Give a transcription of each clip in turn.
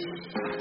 Thank you.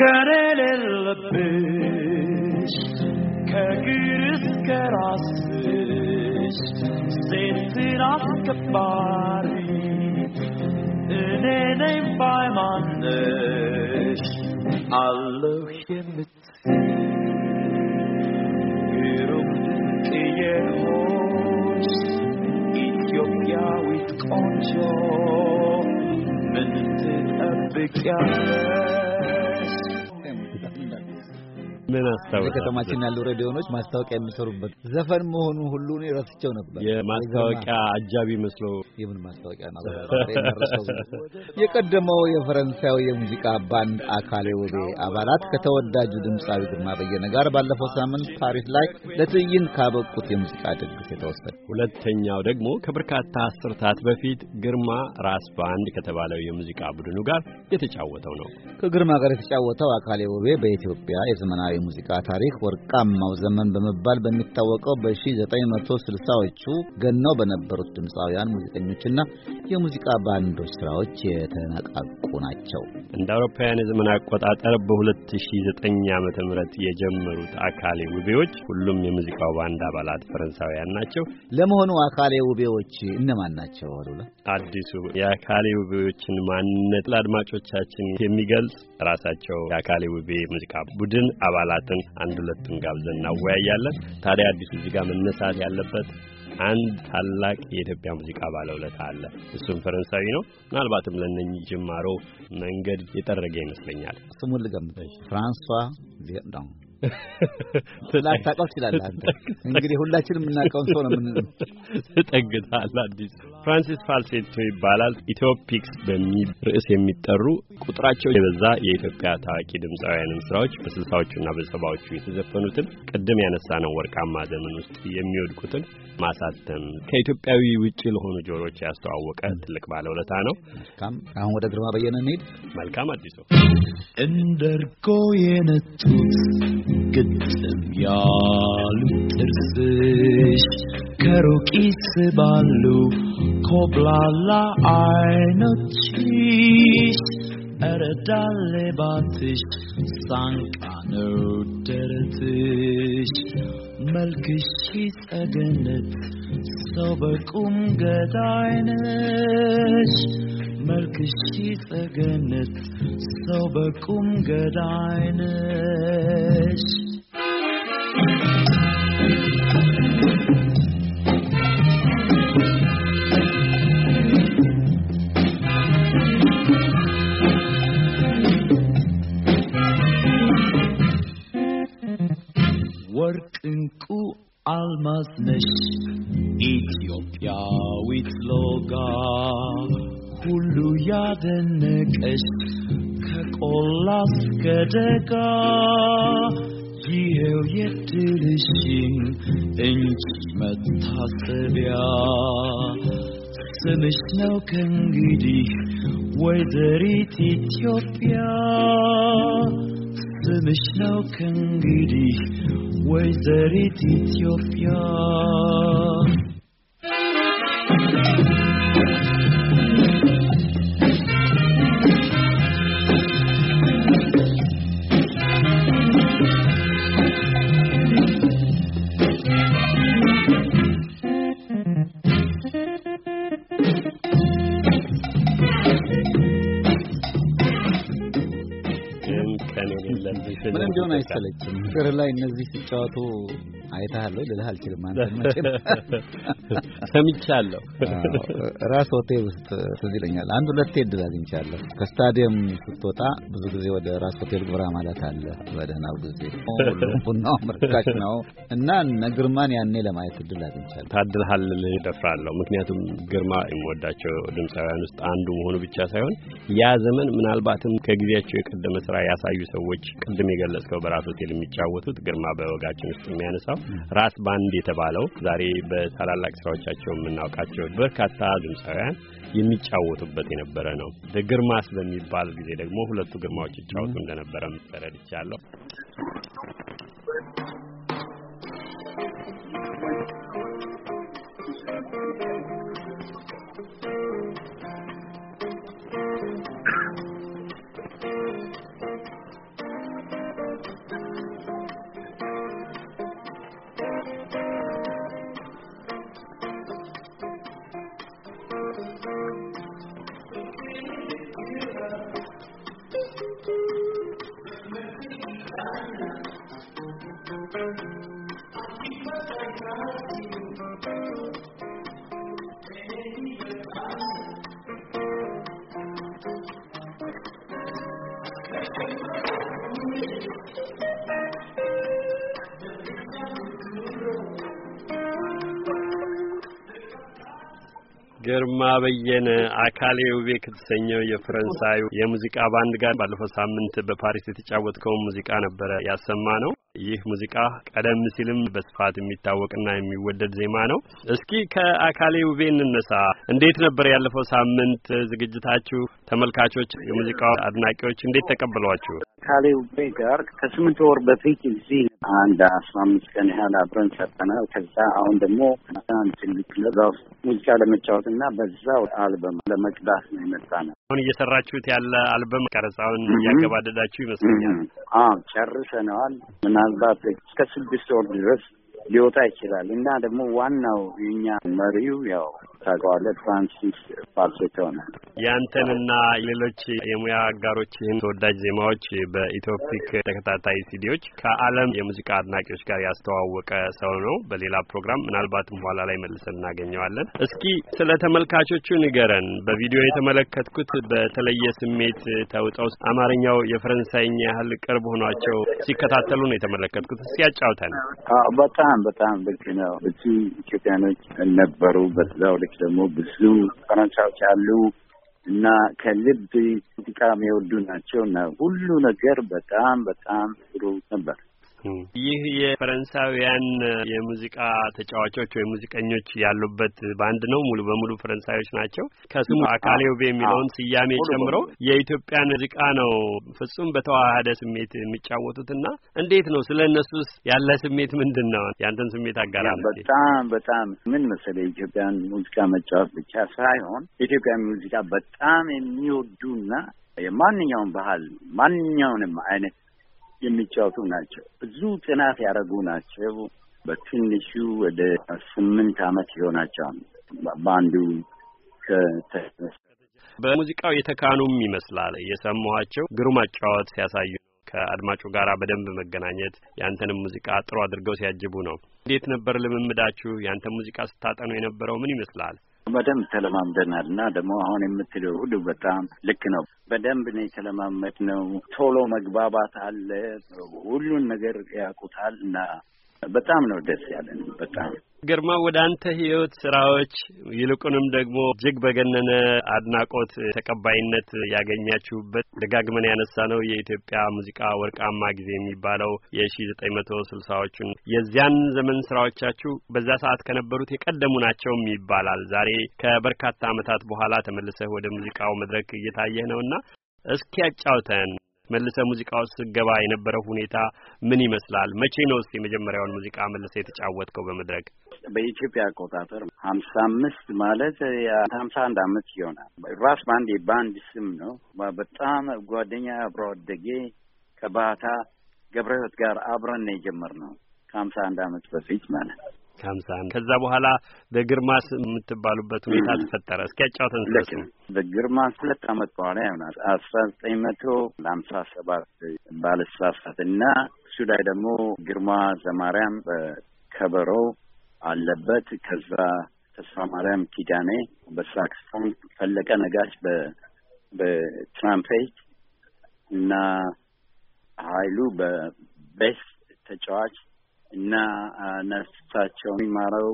Karele lëpësh Kë gyrës kërasësh Se të rasë këpari Në në ምን አስታወቀ? ከተማችን ያሉ ሬዲዮኖች ማስታወቂያ የሚሰሩበት ዘፈን መሆኑ ሁሉ ነው ረስቸው ነበር። የማስታወቂያ አጃቢ መስሎ የምን ማስታወቂያ ነው? የቀደመው የፈረንሳዩ የሙዚቃ ባንድ አካሌ ውቤ አባላት ከተወዳጁ ድምፃዊ ግርማ በየነ ጋር ባለፈው ሳምንት ፓሪስ ላይ ለትዕይንት ካበቁት የሙዚቃ ድግስ የተወሰደ። ሁለተኛው ደግሞ ከበርካታ አስርታት በፊት ግርማ ራስ ባንድ ከተባለው የሙዚቃ ቡድኑ ጋር የተጫወተው ነው። ከግርማ ጋር የተጫወተው አካሌ ውቤ በኢትዮጵያ የዘመናዊ ሙዚቃ ታሪክ ወርቃማው ዘመን በመባል በሚታወቀው በ1960ዎቹ ገነው በነበሩት ድምፃውያን ሙዚቀኞችና የሙዚቃ ባንዶች ስራዎች የተነቃቁ ናቸው። እንደ አውሮፓውያን የዘመን አቆጣጠር በ2009 ም የጀመሩት አካሌ ውቤዎች ሁሉም የሙዚቃው ባንድ አባላት ፈረንሳውያን ናቸው። ለመሆኑ አካሌ ውቤዎች እነማን ናቸው? አሉላ አዲሱ የአካሌ ውቤዎችን ማንነት ለአድማጮቻችን የሚገልጽ ራሳቸው የአካሌ ውቤ ሙዚቃ ቡድን አባላት አባላትን አንድ ሁለቱን ጋብዘን እናወያያለን። ታዲያ አዲሱ እዚህ ጋር መነሳት ያለበት አንድ ታላቅ የኢትዮጵያ ሙዚቃ ባለውለታ አለ። እሱም ፈረንሳዊ ነው። ምናልባትም ለእነኚህ ጅማሮ መንገድ የጠረገ ይመስለኛል። ስሙን ልገምተሽ ፍራንሷ ቪየትናም ላታውቀው ትችላለህ። አንተ እንግዲህ ሁላችንም የምናውቀውን ሰው ነው የምንለው። ትጠግታል። አዲስ ፍራንሲስ ፋልሴቶ ይባላል። ኢትዮፒክስ በሚል ርዕስ የሚጠሩ ቁጥራቸው የበዛ የኢትዮጵያ ታዋቂ ድምፃውያንን ስራዎች በስልሳዎቹና በሰባዎቹ የተዘፈኑትን ቅድም ያነሳነው ወርቃማ ዘመን ውስጥ የሚወድቁትን ማሳተም ከኢትዮጵያዊ ውጭ ለሆኑ ጆሮች ያስተዋወቀ ትልቅ ባለውለታ ነው። መልካም። አሁን ወደ ግርማ በየነ እንሄድ። መልካም አዲሱ እንደርጎ የነቱት ግጥም ያሉ ጥርስሽ ከሩቂስ ባሉ ኮብላላ አይኖችሽ እረዳሌባትሽ ሳንቃ ነው ደረትሽ መልክሽ ጸገነት ሰው በቁም ገዳይነሽ መልክሽ ተገነት ሰው በቁም ገዳይነሽ ወርቅ እንቁ አልማዝ ነሽ ኢትዮጵያዊት ሎጋ kulu jadennek ez Kak olazkedeka Di heu jetyli sin Enkimet tatebia Zemiz neuken gidik Wederit Etiopia Zemiz neuken gidik Wederit Etiopia Zemiz neuken gidik አይሰለችም። ፍቅር ላይ እነዚህ ሲጫወቱ አይተሃል ልልህ አልችልም። አንተ መቼም ሰምቻለሁ። ራስ ሆቴል ውስጥ ትዝ ይለኛል። አንድ ሁለቴ እድል አግኝቻለሁ። ከስታዲየም ስትወጣ ብዙ ጊዜ ወደ ራስ ሆቴል ጉራ ማለት አለ። በደህናው ጊዜ ቡና ርካሽ ነው እና እነ ግርማን ያኔ ለማየት እድል አግኝቻለሁ። ታድልሃል ልልህ እደፍራለሁ። ምክንያቱም ግርማ የምወዳቸው ድምፃውያን ውስጥ አንዱ መሆኑ ብቻ ሳይሆን ያ ዘመን ምናልባትም ከጊዜያቸው የቀደመ ስራ ያሳዩ ሰዎች ቅድም የገለጽከው በራስ ሆቴል የሚጫወቱት ግርማ በወጋችን ውስጥ የሚያነሳው ራስ ባንድ የተባለው ዛሬ በታላላቅ ስራዎቻቸው የምናውቃቸው በርካታ ድምፃውያን የሚጫወቱበት የነበረ ነው። ግርማስ በሚባል ጊዜ ደግሞ ሁለቱ ግርማዎች ይጫወቱ እንደነበረ መረድ ይቻለሁ። ግርማ በየነ አካሌ ውቤ ከተሰኘው የፈረንሳዩ የሙዚቃ ባንድ ጋር ባለፈው ሳምንት በፓሪስ የተጫወትከውን ሙዚቃ ነበረ ያሰማ ነው። ይህ ሙዚቃ ቀደም ሲልም በስፋት የሚታወቅና የሚወደድ ዜማ ነው። እስኪ ከአካሌ ውቤ እንነሳ። እንዴት ነበር ያለፈው ሳምንት ዝግጅታችሁ? ተመልካቾች፣ የሙዚቃ አድናቂዎች እንዴት ተቀበሏችሁ? ካሌው ቤ ጋር ከስምንት ወር በፊት እዚህ አንድ አስራ አምስት ቀን ያህል አብረን ሰርተናል። ከዛ አሁን ደግሞ ትናንት ትልቅ ለዛ ውስጥ ሙዚቃ ለመጫወት እና በዛው አልበም ለመቅዳት ነው የመጣ ነው። አሁን እየሰራችሁት ያለ አልበም ቀረጻውን እያገባደዳችሁ ይመስለኛል። አ ጨርሰነዋል። ምናልባት እስከ ስድስት ወር ድረስ ሊወጣ ይችላል እና ደግሞ ዋናው የኛ መሪው ያው ታውቀዋለህ። ፍራንሲስ ፋልሴቶ ነው። ያንተንና ሌሎች የሙያ አጋሮች ይህን ተወዳጅ ዜማዎች በኢትዮፒክ ተከታታይ ሲዲዎች ከዓለም የሙዚቃ አድናቂዎች ጋር ያስተዋወቀ ሰው ነው። በሌላ ፕሮግራም ምናልባትም በኋላ ላይ መልሰን እናገኘዋለን። እስኪ ስለ ተመልካቾቹ ንገረን። በቪዲዮ የተመለከትኩት በተለየ ስሜት ተውጠው አማርኛው የፈረንሳይኛ ያህል ቅርብ ሆኗቸው ሲከታተሉ ነው የተመለከትኩት። እስኪ ያጫውተን። በጣም በጣም ልክ ነው። ብዙ ኢትዮጵያኖች ነበሩ በዛው ሰዎች ደግሞ ብዙ ፈረንሳዎች አሉ እና ከልብ ሙዚቃ የሚወዱ ናቸው እና ሁሉ ነገር በጣም በጣም ጥሩ ነበር። ይህ የፈረንሳውያን የሙዚቃ ተጫዋቾች ወይም ሙዚቀኞች ያሉበት ባንድ ነው። ሙሉ በሙሉ ፈረንሳዮች ናቸው። ከስሙ አካሌውቤ የሚለውን ስያሜ ጨምሮ የኢትዮጵያን ሙዚቃ ነው ፍጹም በተዋሃደ ስሜት የሚጫወቱትና እንዴት ነው ስለ እነሱስ ያለ ስሜት ምንድን ነው? ያንተን ስሜት አጋራ። በጣም በጣም ምን መሰለ የኢትዮጵያን ሙዚቃ መጫወት ብቻ ሳይሆን የኢትዮጵያን ሙዚቃ በጣም የሚወዱና የማንኛውም ባህል ማንኛውንም አይነት የሚጫወቱ ናቸው። ብዙ ጥናት ያደረጉ ናቸው። በትንሹ ወደ ስምንት አመት ይሆናቸዋል በአንዱ በሙዚቃው የተካኑም ይመስላል የሰማኋቸው ግሩም አጫዋት ሲያሳዩ ከአድማጩ ጋር በደንብ መገናኘት ያንተንም ሙዚቃ ጥሩ አድርገው ሲያጅቡ ነው። እንዴት ነበር ልምምዳችሁ? ያንተን ሙዚቃ ስታጠኑ የነበረው ምን ይመስላል? በደንብ ተለማምደናል እና ደግሞ አሁን የምትለው ሁሉ በጣም ልክ ነው። በደንብ ነው የተለማመድ ነው። ቶሎ መግባባት አለ። ሁሉን ነገር ያውቁታል እና በጣም ነው ደስ ያለን በጣም ግርማ ወደ አንተ ህይወት፣ ስራዎች ይልቁንም ደግሞ እጅግ በገነነ አድናቆት ተቀባይነት ያገኛችሁበት ደጋግመን ያነሳ ነው የኢትዮጵያ ሙዚቃ ወርቃማ ጊዜ የሚባለው የሺ ዘጠኝ መቶ ስልሳዎቹን የዚያን ዘመን ስራዎቻችሁ በዛ ሰዓት ከነበሩት የቀደሙ ናቸውም ይባላል። ዛሬ ከበርካታ ዓመታት በኋላ ተመልሰህ ወደ ሙዚቃው መድረክ እየታየህ ነውና እስኪ ያጫውተን መልሰ ሙዚቃ ስገባ የነበረው ሁኔታ ምን ይመስላል? መቼ ነው እስቲ የመጀመሪያውን ሙዚቃ መልሰ የተጫወትከው በመድረክ? በኢትዮጵያ አቆጣጠር ሀምሳ አምስት ማለት ሀምሳ አንድ አመት ይሆናል። ራስ ባንድ ባንድ ስም ነው። በጣም ጓደኛ አብሮ አደጌ ከባታ ገብረ ጋር አብረን ነው የጀመርነው ከሀምሳ አንድ አመት በፊት ማለት ነው። ከሀምሳ ከዛ በኋላ በግርማስ የምትባሉበት ሁኔታ ተፈጠረ። እስኪ ያጫውተን ስለሱ። በግርማስ ሁለት አመት በኋላ ይሆናል አስራ ዘጠኝ መቶ ሀምሳ ሰባት ባለስሳሳት እና እሱ ላይ ደግሞ ግርማ ዘማርያም በከበሮ አለበት። ከዛ ተስፋ ማርያም ኪዳኔ በሳክስፎን፣ ፈለቀ ነጋሽ በትራምፔት እና ሀይሉ በቤስ ተጫዋች እና ነፍሳቸው የሚማረው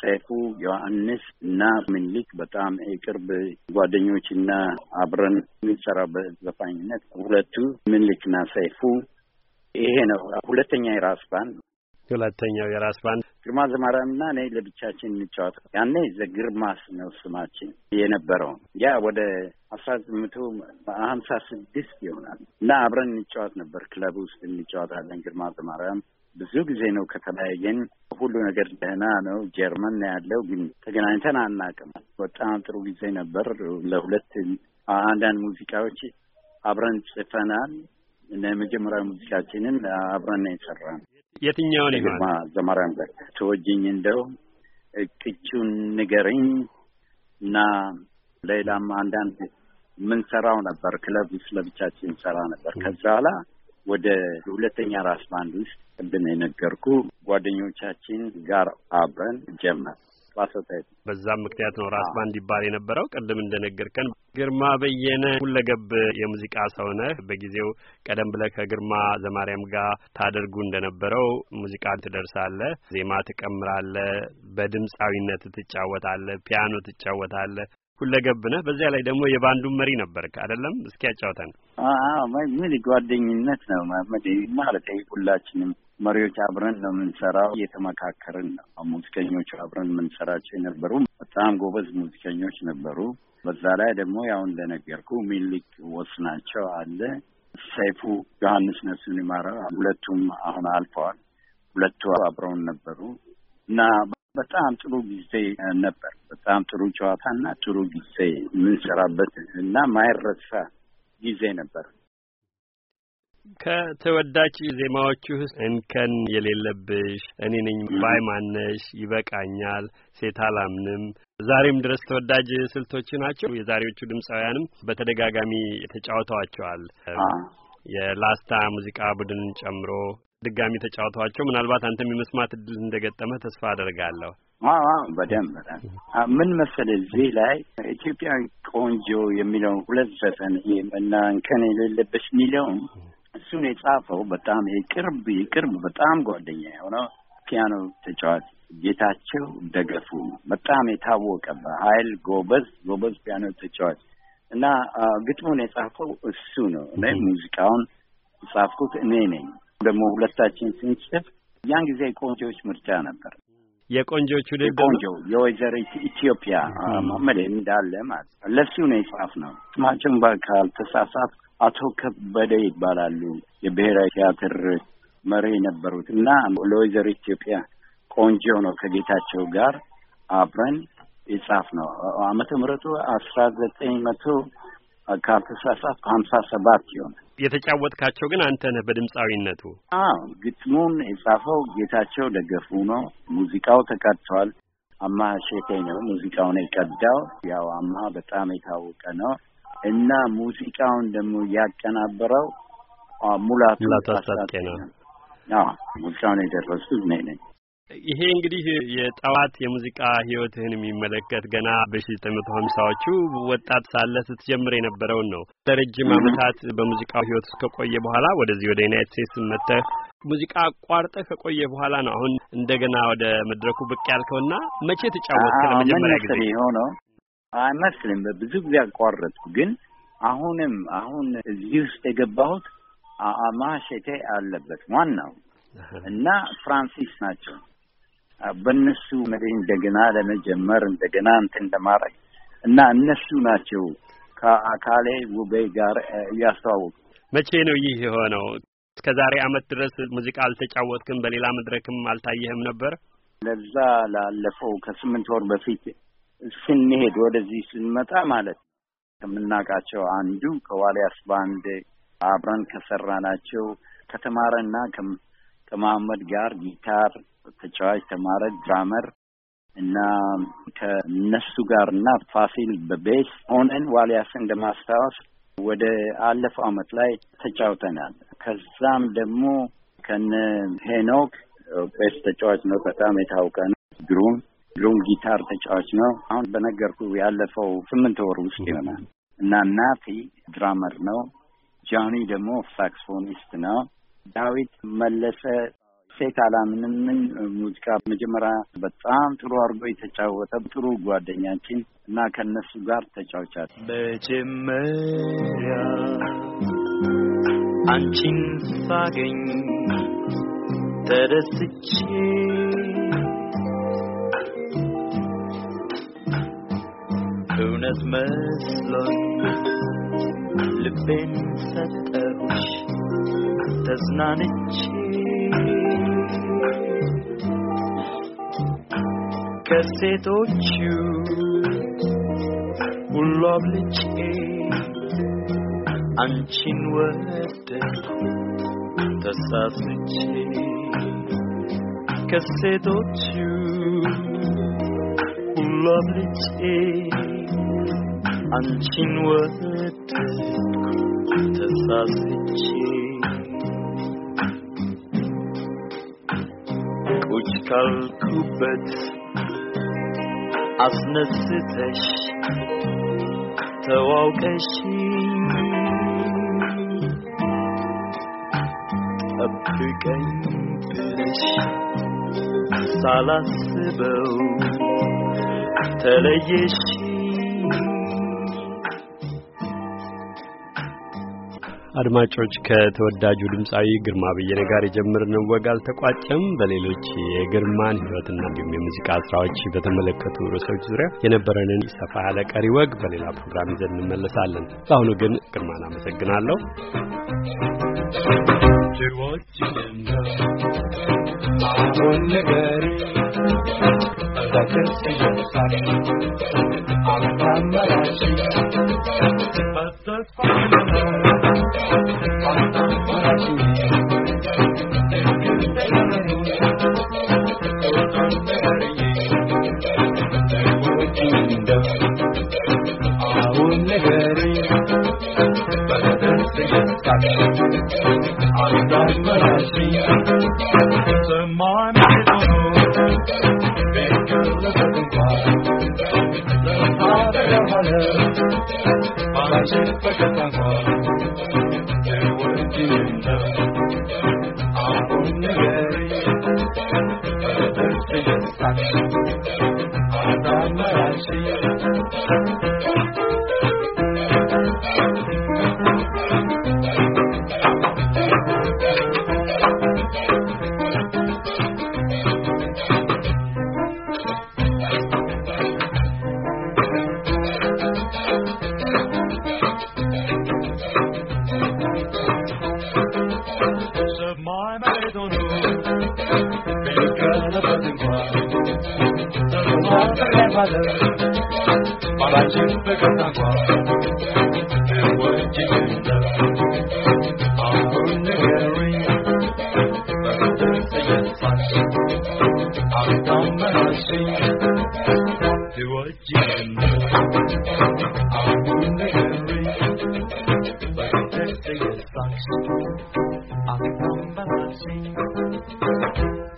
ሰይፉ ዮሐንስ እና ምኒልክ በጣም የቅርብ ጓደኞች እና አብረን የምንሰራው በዘፋኝነት ሁለቱ ምኒልክና ሰይፉ ይሄ ነው። ሁለተኛ የራስ ባንድ ሁለተኛው የራስ ባንድ ግርማ ዘማሪያምና እኔ ለብቻችን እንጫወት። ያኔ ዘግርማስ ነው ስማችን የነበረው። ያ ወደ አስራ ዘጠኝ መቶ ሀምሳ ስድስት ይሆናል እና አብረን እንጫወት ነበር። ክለብ ውስጥ እንጫወታለን ግርማ ዘማሪያም ብዙ ጊዜ ነው ከተለያየን። ሁሉ ነገር ደህና ነው። ጀርመን ነው ያለው፣ ግን ተገናኝተን አናውቅም። በጣም ጥሩ ጊዜ ነበር። ለሁለት አንዳንድ ሙዚቃዎች አብረን ጽፈናል እና የመጀመሪያ ሙዚቃችንን አብረን ነው የሰራነው። የትኛውን ይሆን? ዘማሪያም ጋር ትወጅኝ እንደው ቅጩን ንገርኝ እና ሌላም አንዳንድ የምንሰራው ነበር። ክለብ ውስጥ ለብቻችን እንሰራ ነበር። ከዛ በኋላ ወደ ሁለተኛ ራስ ባንድ ውስጥ ቅድም የነገርኩ ጓደኞቻችን ጋር አብረን ጀመር ራሰታይ በዛም ምክንያት ነው ራስ ባንድ ይባል የነበረው። ቅድም እንደነገርከን ግርማ በየነ ሁለገብ የሙዚቃ ሰው ነህ። በጊዜው ቀደም ብለህ ከግርማ ዘማርያም ጋር ታደርጉ እንደነበረው ሙዚቃ ትደርሳለህ፣ ዜማ ትቀምራለህ፣ በድምፃዊነት ትጫወታለህ፣ ፒያኖ ትጫወታለህ። ሁለገብ ነህ። በዚያ ላይ ደግሞ የባንዱን መሪ ነበርክ አይደለም? እስኪ ያጫውተን። ምን ጓደኝነት ነው ማለት ሁላችንም መሪዎች አብረን ነው የምንሰራው። እየተመካከርን ነው። ሙዚቀኞቹ አብረን የምንሰራቸው የነበሩ በጣም ጎበዝ ሙዚቀኞች ነበሩ። በዛ ላይ ደግሞ ያው እንደነገርኩ ሚኒሊክ ወስናቸው አለ፣ ሰይፉ ዮሐንስ ነፍሱን ይማረው። ሁለቱም አሁን አልፈዋል። ሁለቱ አብረውን ነበሩ እና በጣም ጥሩ ጊዜ ነበር። በጣም ጥሩ ጨዋታና ጥሩ ጊዜ የምንሰራበት እና ማይረሳ ጊዜ ነበር። ከተወዳጅ ዜማዎቹ ውስጥ እንከን የሌለብሽ፣ እኔ ነኝ ባይ ማነሽ፣ ይበቃኛል፣ ሴት አላምንም ዛሬም ድረስ ተወዳጅ ስልቶች ናቸው። የዛሬዎቹ ድምፃውያንም በተደጋጋሚ ተጫውተዋቸዋል። የላስታ ሙዚቃ ቡድን ጨምሮ ድጋሚ ተጫውተዋቸው ምናልባት አንተም የመስማት እድል እንደገጠመ ተስፋ አደርጋለሁ። አዎ በደንብ በደንብ ምን መሰለህ፣ እዚህ ላይ ኢትዮጵያ ቆንጆ የሚለውን ሁለት ዘፈን እና እንከን የሌለበት የሚለውም እሱን የጻፈው በጣም የቅርብ የቅርብ በጣም ጓደኛ የሆነው ፒያኖ ተጫዋች ጌታቸው ደገፉ ነው። በጣም የታወቀ በኃይል ጎበዝ ጎበዝ ፒያኖ ተጫዋች እና ግጥሙን የጻፈው እሱ ነው። እኔ ሙዚቃውን የጻፍኩት እኔ ነኝ። ደግሞ ሁለታችን ስንጽፍ ያን ጊዜ የቆንጆዎች ምርጫ ነበር። የቆንጆቹ ውድድር ቆንጆ የወይዘሮ ኢትዮጵያ መሐመድ እንዳለ ማለት ለሱ ነው የጻፍ ነው። ስማቸውን ተሳሳት አቶ ከበደ ይባላሉ። የብሔራዊ ቲያትር መሪ የነበሩት እና ለወይዘሮ ኢትዮጵያ ቆንጆ ነው ከጌታቸው ጋር አብረን ይጻፍ ነው። አመተ ምህረቱ አስራ ዘጠኝ መቶ ካልተሳሳት ሀምሳ ሰባት ይሆናል። የተጫወትካቸው ግን አንተ ነህ በድምፃዊነቱ? አዎ፣ ግጥሙን የጻፈው ጌታቸው ደገፉ ነው። ሙዚቃው ተቀድተዋል። አማ ሼቴ ነው ሙዚቃውን የቀዳው። ያው አማ በጣም የታወቀ ነው። እና ሙዚቃውን ደግሞ ያቀናበረው ሙላቱ አስታጥቄ ነው። ሙዚቃውን የደረሱት እኔ ነኝ። ይሄ እንግዲህ የጠዋት የሙዚቃ ህይወትህን የሚመለከት ገና በሺ ዘጠኝ መቶ ሀምሳዎቹ ወጣት ሳለ ስትጀምር የነበረውን ነው። ለረጅም አመታት በሙዚቃው ህይወት ውስጥ ከቆየ በኋላ ወደዚህ ወደ ዩናይት ስቴትስ መጥተህ ሙዚቃ አቋርጠህ ከቆየ በኋላ ነው አሁን እንደገና ወደ መድረኩ ብቅ ያልከውና መቼ ተጫወትክ ለመጀመሪያ ጊዜ? ሆነው አይመስልም። ብዙ ጊዜ አቋረጥኩ። ግን አሁንም አሁን እዚህ ውስጥ የገባሁት ማሸቴ አለበት ዋናው እና ፍራንሲስ ናቸው። በእነሱ መድን እንደገና ለመጀመር እንደገና እንትን ለማድረግ እና እነሱ ናቸው ከአካሌ ውቤ ጋር እያስተዋወቁ። መቼ ነው ይህ የሆነው? እስከ ዛሬ አመት ድረስ ሙዚቃ አልተጫወትክም፣ በሌላ መድረክም አልታየህም ነበር። ለዛ ላለፈው ከስምንት ወር በፊት ስንሄድ ወደዚህ ስንመጣ ማለት ከምናውቃቸው አንዱ ከዋልያስ ባንድ አብረን ከሰራናቸው ከተማረና ከመሐመድ ጋር ጊታር ተጫዋች ተማረ ድራመር እና ከነሱ ጋር እና ፋሲል በቤስ ሆነን ዋልያስን እንደማስታወስ ወደ አለፈው አመት ላይ ተጫውተናል። ከዛም ደግሞ ከነ ሄኖክ ቤስ ተጫዋች ነው፣ በጣም የታወቀ ነው። ግሩም ሎንግ ጊታር ተጫዋች ነው። አሁን በነገርኩ ያለፈው ስምንት ወር ውስጥ ይሆናል እና ናቲ ድራመር ነው። ጃኒ ደግሞ ሳክስፎኒስት ነው። ዳዊት መለሰ ሴት አላምንምን ሙዚቃ መጀመሪያ በጣም ጥሩ አድርጎ የተጫወተ ጥሩ ጓደኛችን እና ከእነሱ ጋር ተጫውቻል። መጀመሪያ አንቺን ሳገኝ ተደስቼ እውነት መስሎኝ ልቤን ሰጠች ተዝናንች ከሴቶቹ ሁሉ አብልጬ አንቺን ወደድኩ ተሳስቼ ከሴቶቹ ሁሉ አብልጬ አንቺን ወድ ተሳስቼ ቁጭ ካልኩበት አስነስተሽ ተዋውቀሽ ጠብቀኝ ብለሽ ሳላስበው ተለየሽ አድማጮች ከተወዳጁ ድምፃዊ ግርማ በየነ ጋር የጀመርነው ወግ አልተቋጨም። በሌሎች የግርማን ሕይወትና እንዲሁም የሙዚቃ ስራዎች በተመለከቱ ርዕሶች ዙሪያ የነበረንን ሰፋ ያለ ቀሪ ወግ በሌላ ፕሮግራም ይዘን እንመለሳለን። ለአሁኑ ግን ግርማን አመሰግናለሁ። I'm Pachapama. But I Paraty, Pecatagua.